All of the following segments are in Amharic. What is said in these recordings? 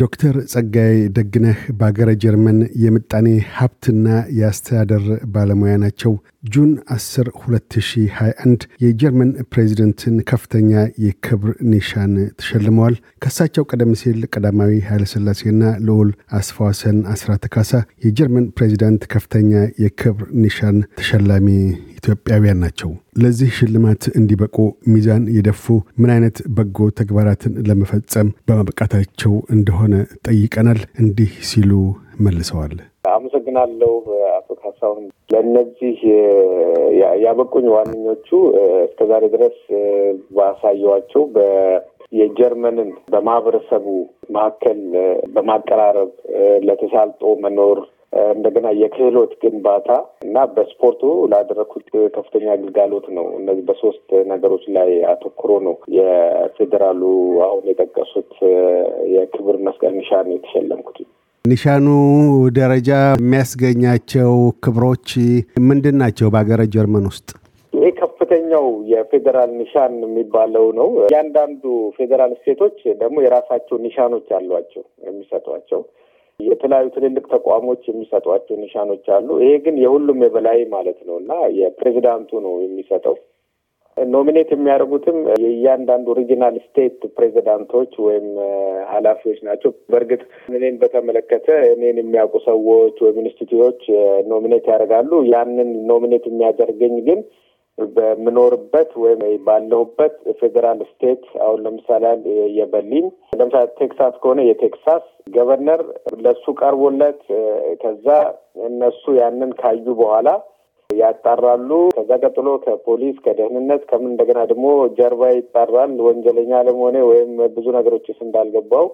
ዶክተር ጸጋይ ደግነህ በአገረ ጀርመን የምጣኔ ሀብትና የአስተዳደር ባለሙያ ናቸው። ጁን 10 2021 የጀርመን ፕሬዚደንትን ከፍተኛ የክብር ኒሻን ተሸልመዋል። ከሳቸው ቀደም ሲል ቀዳማዊ ኃይለሥላሴና ልዑል አስፋዋሰን አስራተ ካሳ የጀርመን ፕሬዚዳንት ከፍተኛ የክብር ኒሻን ተሸላሚ ኢትዮጵያውያን ናቸው። ለዚህ ሽልማት እንዲበቁ ሚዛን የደፉ ምን አይነት በጎ ተግባራትን ለመፈጸም በማብቃታቸው እንደሆነ ጠይቀናል። እንዲህ ሲሉ መልሰዋል። አመሰግናለሁ አቶ ካሳሁን። ለእነዚህ ያበቁኝ ዋነኞቹ እስከዛሬ ድረስ ባሳየዋቸው የጀርመንን በማህበረሰቡ መካከል በማቀራረብ ለተሳልጦ መኖር እንደገና የክህሎት ግንባታ እና በስፖርቱ ላደረኩት ከፍተኛ አገልጋሎት ነው። እነዚህ በሶስት ነገሮች ላይ አተኩሮ ነው የፌዴራሉ አሁን የጠቀሱት የክብር መስቀል ኒሻን የተሸለምኩት። ኒሻኑ ደረጃ የሚያስገኛቸው ክብሮች ምንድን ናቸው? በሀገረ ጀርመን ውስጥ ይህ ከፍተኛው የፌዴራል ኒሻን የሚባለው ነው። እያንዳንዱ ፌዴራል ስቴቶች ደግሞ የራሳቸው ኒሻኖች አሏቸው የሚሰጧቸው የተለያዩ ትልልቅ ተቋሞች የሚሰጧቸው ኒሻኖች አሉ። ይሄ ግን የሁሉም የበላይ ማለት ነው እና የፕሬዚዳንቱ ነው የሚሰጠው። ኖሚኔት የሚያደርጉትም የእያንዳንዱ ሪጂናል ስቴት ፕሬዚዳንቶች ወይም ኃላፊዎች ናቸው። በእርግጥ እኔን በተመለከተ እኔን የሚያውቁ ሰዎች ወይም ኢንስቲትዩቶች ኖሚኔት ያደርጋሉ። ያንን ኖሚኔት የሚያደርገኝ ግን በምኖርበት ወይም ባለሁበት ፌዴራል ስቴት አሁን ለምሳሌ የበርሊን ለምሳሌ ቴክሳስ ከሆነ የቴክሳስ ገቨርነር ለሱ ቀርቦለት ከዛ እነሱ ያንን ካዩ በኋላ ያጣራሉ። ከዛ ቀጥሎ ከፖሊስ ከደህንነት፣ ከምን እንደገና ደግሞ ጀርባ ይጣራል። ወንጀለኛ አለመሆኔ ወይም ብዙ ነገሮችስ እንዳልገባው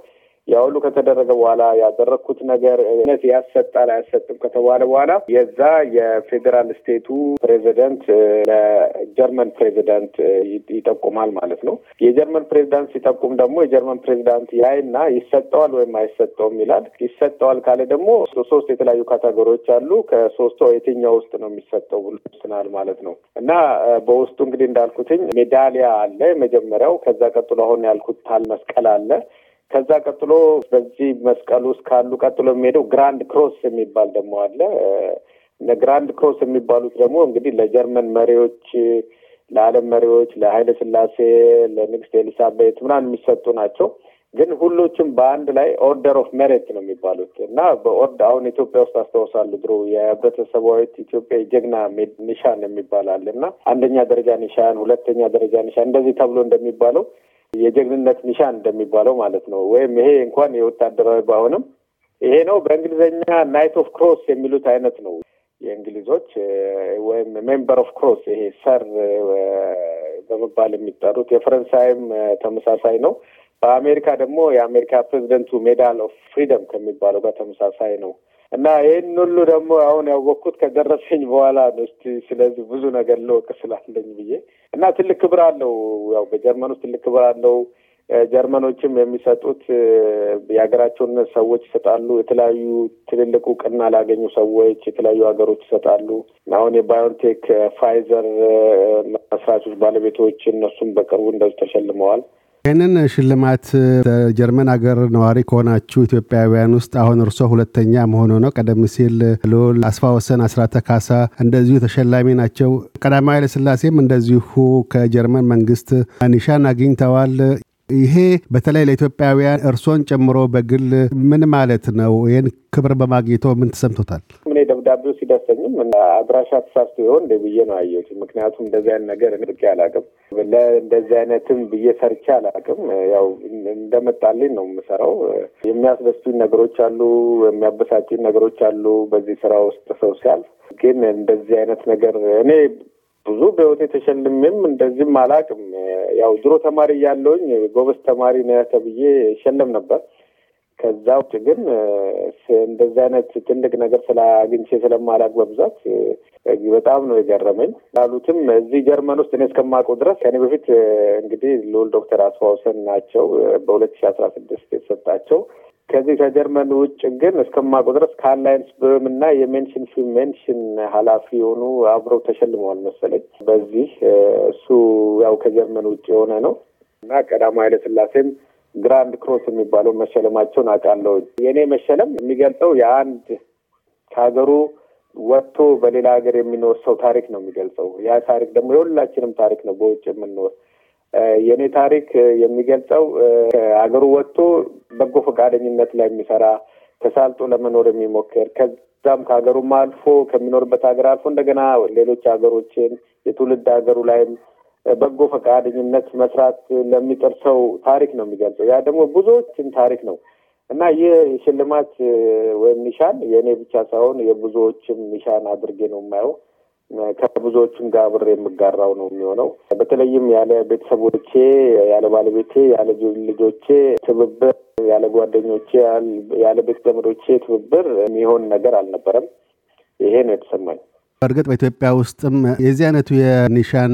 ያ ሁሉ ከተደረገ በኋላ ያደረግኩት ነገር እነት ያሰጣል አያሰጥም ከተባለ በኋላ የዛ የፌዴራል ስቴቱ ፕሬዚደንት ለጀርመን ፕሬዚደንት ይጠቁማል ማለት ነው። የጀርመን ፕሬዚዳንት ሲጠቁም ደግሞ የጀርመን ፕሬዚዳንት ያይና ይሰጠዋል ወይም አይሰጠውም ይላል። ይሰጠዋል ካለ ደግሞ ሶስት የተለያዩ ካተጎሪዎች አሉ። ከሶስቷ የትኛው ውስጥ ነው የሚሰጠው ብሎ ይወስናል ማለት ነው እና በውስጡ እንግዲህ እንዳልኩትኝ ሜዳሊያ አለ የመጀመሪያው። ከዛ ቀጥሎ አሁን ያልኩት ታል መስቀል አለ ከዛ ቀጥሎ በዚህ መስቀል ውስጥ ካሉ ቀጥሎ የሚሄደው ግራንድ ክሮስ የሚባል ደግሞ አለ። ግራንድ ክሮስ የሚባሉት ደግሞ እንግዲህ ለጀርመን መሪዎች፣ ለዓለም መሪዎች፣ ለኃይለ ሥላሴ፣ ለንግስት ኤሊሳቤት ምናምን የሚሰጡ ናቸው። ግን ሁሎችም በአንድ ላይ ኦርደር ኦፍ ሜሪት ነው የሚባሉት እና በኦርድ አሁን ኢትዮጵያ ውስጥ አስታውሳሉ ድሮ የህብረተሰባዊት ኢትዮጵያ ጀግና ኒሻን የሚባል አለ እና አንደኛ ደረጃ ኒሻን፣ ሁለተኛ ደረጃ ኒሻን እንደዚህ ተብሎ እንደሚባለው የጀግንነት ኒሻን እንደሚባለው ማለት ነው። ወይም ይሄ እንኳን የወታደራዊ ባይሆንም ይሄ ነው በእንግሊዝኛ ናይት ኦፍ ክሮስ የሚሉት አይነት ነው። የእንግሊዞች ወይም ሜምበር ኦፍ ክሮስ ይሄ ሰር በመባል የሚጠሩት የፈረንሳይም ተመሳሳይ ነው። በአሜሪካ ደግሞ የአሜሪካ ፕሬዚደንቱ ሜዳል ኦፍ ፍሪደም ከሚባለው ጋር ተመሳሳይ ነው። እና ይህን ሁሉ ደግሞ አሁን ያወቅኩት ከደረሰኝ በኋላ ነው። እስቲ ስለዚህ ብዙ ነገር ልወቅ ስላለኝ ብዬ እና ትልቅ ክብር አለው። ያው በጀርመን ውስጥ ትልቅ ክብር አለው። ጀርመኖችም የሚሰጡት የሀገራቸውን ሰዎች ይሰጣሉ። የተለያዩ ትልልቅ እውቅና ላገኙ ሰዎች የተለያዩ ሀገሮች ይሰጣሉ። አሁን የባዮንቴክ ፋይዘር መስራቾች ባለቤቶች እነሱም በቅርቡ እንደዚህ ተሸልመዋል። ይህንን ሽልማት ጀርመን ሀገር ነዋሪ ከሆናችሁ ኢትዮጵያውያን ውስጥ አሁን እርሶ ሁለተኛ መሆኑ ነው። ቀደም ሲል ልዑል አስፋ ወሰን አስራተ ካሳ እንደዚሁ ተሸላሚ ናቸው። ቀዳማዊ ኃይለሥላሴም እንደዚሁ ከጀርመን መንግስት ኒሻን አግኝተዋል። ይሄ በተለይ ለኢትዮጵያውያን እርሶን ጨምሮ በግል ምን ማለት ነው? ይህን ክብር በማግኘቶ ምን ተሰምቶታል? እኔ ደብዳቤው ሲደርሰኝም አድራሻ ተሳስቶ ይሆን እንደ ብዬ ነው አየሁት። ምክንያቱም እንደዚህ አይነት ነገር ድርቄ አላውቅም፣ እንደዚህ አይነትም ብዬ ሰርቼ አላውቅም። ያው እንደመጣልኝ ነው የምሰራው። የሚያስደስቱኝ ነገሮች አሉ፣ የሚያበሳጩኝ ነገሮች አሉ። በዚህ ስራ ውስጥ ሰው ሲያልፍ ግን እንደዚህ አይነት ነገር እኔ ብዙ በህይወት የተሸልሜም እንደዚህም አላውቅም። ያው ድሮ ተማሪ እያለሁኝ ጎበዝ ተማሪ ነህ ተብዬ ይሸለም ነበር። ከዛ ውጭ ግን እንደዚህ አይነት ትልቅ ነገር ስላግኝቼ ስለማላውቅ በብዛት በጣም ነው የገረመኝ። ላሉትም እዚህ ጀርመን ውስጥ እኔ እስከማውቀው ድረስ ከኔ በፊት እንግዲህ ልዑል ዶክተር አስፋው ናቸው በሁለት ሺህ አስራ ስድስት የተሰጣቸው ከዚህ ከጀርመን ውጭ ግን እስከማውቀው ድረስ ከአላይንስ ብርም እና የሜንሽን ፊ ሜንሽን ኃላፊ የሆኑ አብረው ተሸልመዋል መሰለኝ። በዚህ እሱ ያው ከጀርመን ውጭ የሆነ ነው እና ቀዳማዊ ኃይለ ሥላሴም ግራንድ ክሮስ የሚባለው መሸለማቸውን አውቃለሁ። የእኔ መሸለም የሚገልጸው የአንድ ከሀገሩ ወጥቶ በሌላ ሀገር የሚኖር ሰው ታሪክ ነው የሚገልጸው። ያ ታሪክ ደግሞ የሁላችንም ታሪክ ነው በውጭ የምንኖር የእኔ ታሪክ የሚገልጸው ከሀገሩ ወጥቶ በጎ ፈቃደኝነት ላይ የሚሰራ ተሳልጦ ለመኖር የሚሞክር ከዛም ከሀገሩም አልፎ ከሚኖርበት ሀገር አልፎ እንደገና ሌሎች ሀገሮችን የትውልድ ሀገሩ ላይም በጎ ፈቃደኝነት መስራት ለሚጥር ሰው ታሪክ ነው የሚገልጸው። ያ ደግሞ ብዙዎችን ታሪክ ነው እና ይህ ሽልማት ወይም ኒሻን የእኔ ብቻ ሳይሆን የብዙዎችም ኒሻን አድርጌ ነው የማየው። ከብዙዎችም ጋር ብር የምጋራው ነው የሚሆነው። በተለይም ያለ ቤተሰቦቼ፣ ያለ ባለቤቴ፣ ያለ ልጆቼ ትብብር፣ ያለ ጓደኞቼ፣ ያለ ቤተ ዘመዶቼ ትብብር የሚሆን ነገር አልነበረም። ይሄ ነው የተሰማኝ። በእርግጥ በኢትዮጵያ ውስጥም የዚህ አይነቱ የኒሻን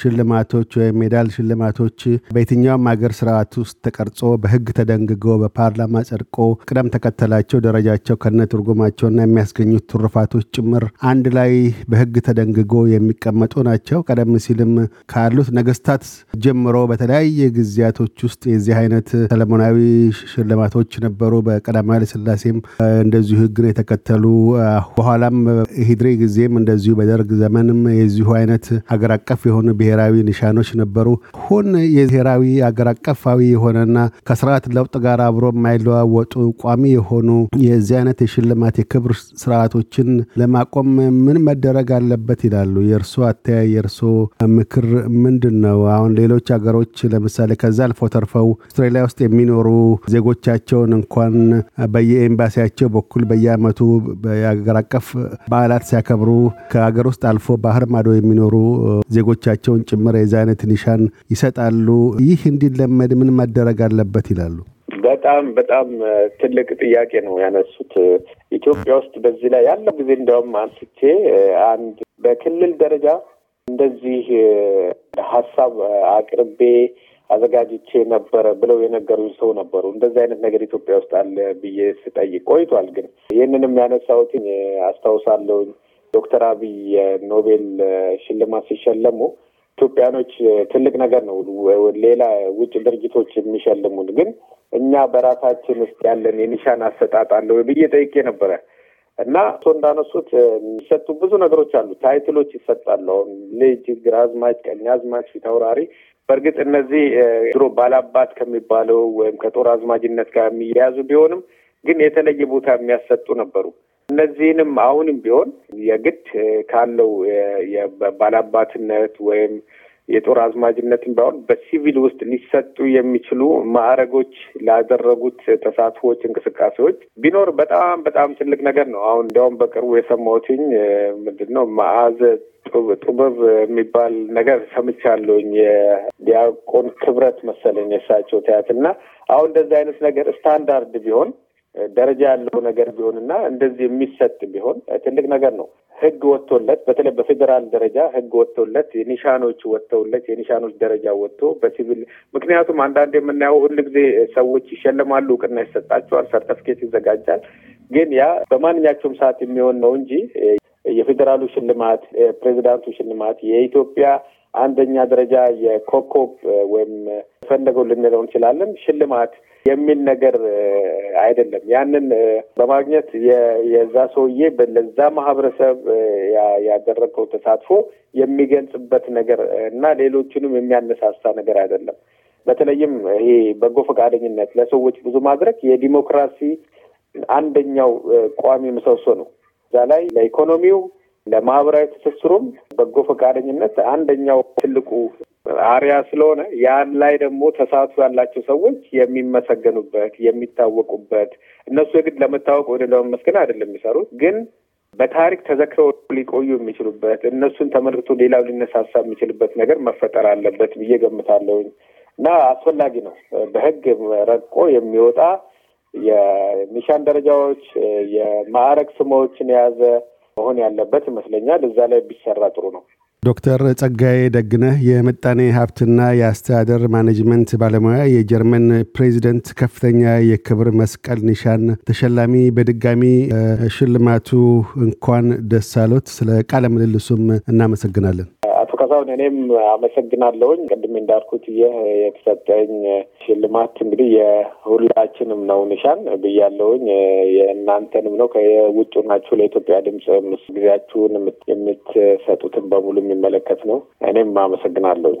ሽልማቶች ወይም ሜዳል ሽልማቶች በየትኛውም ሀገር ስርዓት ውስጥ ተቀርጾ በህግ ተደንግጎ በፓርላማ ጸድቆ ቅደም ተከተላቸው፣ ደረጃቸው ከነ ትርጉማቸውና የሚያስገኙት ትሩፋቶች ጭምር አንድ ላይ በህግ ተደንግጎ የሚቀመጡ ናቸው። ቀደም ሲልም ካሉት ነገስታት ጀምሮ በተለያየ ጊዜያቶች ውስጥ የዚህ አይነት ሰለሞናዊ ሽልማቶች ነበሩ። በቀዳማዊ ስላሴም እንደዚሁ ህግን የተከተሉ በኋላም ሂድሬ ጊዜም እንደዚሁ በደርግ ዘመንም የዚሁ አይነት ሀገር አቀፍ የሆኑ ብሔራዊ ኒሻኖች ነበሩ። ሁን የብሔራዊ ሀገር አቀፋዊ የሆነና ከስርዓት ለውጥ ጋር አብሮ የማይለዋወጡ ቋሚ የሆኑ የዚህ አይነት የሽልማት የክብር ስርዓቶችን ለማቆም ምን መደረግ አለበት ይላሉ? የእርሶ አተያይ የእርሶ ምክር ምንድን ነው? አሁን ሌሎች ሀገሮች ለምሳሌ ከዛ አልፎ ተርፈው አውስትራሊያ ውስጥ የሚኖሩ ዜጎቻቸውን እንኳን በየኤምባሲያቸው በኩል በየአመቱ የሀገር አቀፍ በዓላት ሲያከብሩ ከሀገር ውስጥ አልፎ ባህር ማዶ የሚኖሩ ዜጎቻቸውን ጭምር የዚ አይነት ኒሻን ይሰጣሉ። ይህ እንዲለመድ ምን መደረግ አለበት ይላሉ? በጣም በጣም ትልቅ ጥያቄ ነው ያነሱት። ኢትዮጵያ ውስጥ በዚህ ላይ ያለው ጊዜ እንዲያውም አንስቼ አንድ በክልል ደረጃ እንደዚህ ሀሳብ አቅርቤ አዘጋጅቼ ነበረ ብለው የነገሩኝ ሰው ነበሩ። እንደዚህ አይነት ነገር ኢትዮጵያ ውስጥ አለ ብዬ ስጠይቅ ቆይቷል። ግን ይህንንም ያነሳሁትን አስታውሳለሁኝ ዶክተር አብይ የኖቤል ሽልማት ሲሸለሙ ኢትዮጵያኖች ትልቅ ነገር ነው። ሌላ ውጭ ድርጅቶች የሚሸልሙን ግን እኛ በራሳችን ውስጥ ያለን የኒሻን አሰጣጥ አለው ብዬ ጠይቄ ነበረ እና እቶ እንዳነሱት የሚሰጡ ብዙ ነገሮች አሉ። ታይትሎች ይሰጣሉ። አሁን ልጅ፣ ግራዝማች፣ ቀኛዝማች፣ ፊታውራሪ በእርግጥ እነዚህ ድሮ ባላባት ከሚባለው ወይም ከጦር አዝማጅነት ጋር የሚያያዙ ቢሆንም ግን የተለየ ቦታ የሚያሰጡ ነበሩ። እነዚህንም አሁንም ቢሆን የግድ ካለው ባላባትነት ወይም የጦር አዝማጅነትን ባይሆን በሲቪል ውስጥ ሊሰጡ የሚችሉ ማዕረጎች ላደረጉት ተሳትፎች፣ እንቅስቃሴዎች ቢኖር በጣም በጣም ትልቅ ነገር ነው። አሁን እንዲያውም በቅርቡ የሰማሁትኝ ምንድን ነው መዓዘ ጡበብ የሚባል ነገር ሰምቻለሁኝ። የዲያቆን ክብረት መሰለኝ የእሳቸው ትያት እና አሁን እንደዚህ አይነት ነገር ስታንዳርድ ቢሆን ደረጃ ያለው ነገር ቢሆንና እንደዚህ የሚሰጥ ቢሆን ትልቅ ነገር ነው። ህግ ወጥቶለት በተለይ በፌዴራል ደረጃ ህግ ወጥቶለት የኒሻኖች ወጥተውለት የኒሻኖች ደረጃ ወጥቶ በሲቪል ምክንያቱም አንዳንድ የምናየው ሁል ጊዜ ሰዎች ይሸለማሉ፣ እውቅና ይሰጣቸዋል፣ ሰርተፍኬት ይዘጋጃል። ግን ያ በማንኛቸውም ሰዓት የሚሆን ነው እንጂ የፌዴራሉ ሽልማት፣ የፕሬዚዳንቱ ሽልማት፣ የኢትዮጵያ አንደኛ ደረጃ የኮከብ ወይም የፈለገው ልንለው እንችላለን ሽልማት የሚል ነገር አይደለም። ያንን በማግኘት የዛ ሰውዬ ለዛ ማህበረሰብ ያደረገው ተሳትፎ የሚገልጽበት ነገር እና ሌሎችንም የሚያነሳሳ ነገር አይደለም። በተለይም ይሄ በጎ ፈቃደኝነት ለሰዎች ብዙ ማድረግ የዲሞክራሲ አንደኛው ቋሚ ምሰሶ ነው። እዛ ላይ ለኢኮኖሚው ለማህበራዊ ትስስሩም በጎ ፈቃደኝነት አንደኛው ትልቁ አሪያ ስለሆነ ያን ላይ ደግሞ ተሳትፎ ያላቸው ሰዎች የሚመሰገኑበት የሚታወቁበት እነሱ የግድ ለመታወቅ ወደ ለመመስገን አይደለም የሚሰሩት ግን በታሪክ ተዘክረው ሊቆዩ የሚችሉበት እነሱን ተመልክቶ ሌላው ሊነሳሳ የሚችልበት ነገር መፈጠር አለበት ብዬ እና አስፈላጊ ነው። በህግ ረቆ የሚወጣ የሚሻን ደረጃዎች የማዕረግ ስሞችን የያዘ መሆን ያለበት ይመስለኛል። እዛ ላይ ቢሰራ ጥሩ ነው። ዶክተር ጸጋዬ ደግነህ የምጣኔ ሀብትና የአስተዳደር ማኔጅመንት ባለሙያ፣ የጀርመን ፕሬዚደንት ከፍተኛ የክብር መስቀል ኒሻን ተሸላሚ፣ በድጋሚ ሽልማቱ እንኳን ደስ አሎት። ስለ ቃለ ምልልሱም እናመሰግናለን። ካሳሁን፣ እኔም አመሰግናለሁኝ። ቅድም እንዳልኩት ይህ የተሰጠኝ ሽልማት እንግዲህ የሁላችንም ነው ንሻን ብያለሁኝ፣ የእናንተንም ነው። ከውጭ ናችሁ ለኢትዮጵያ ድምፅ ጊዜያችሁን የምትሰጡትን በሙሉ የሚመለከት ነው። እኔም አመሰግናለሁኝ።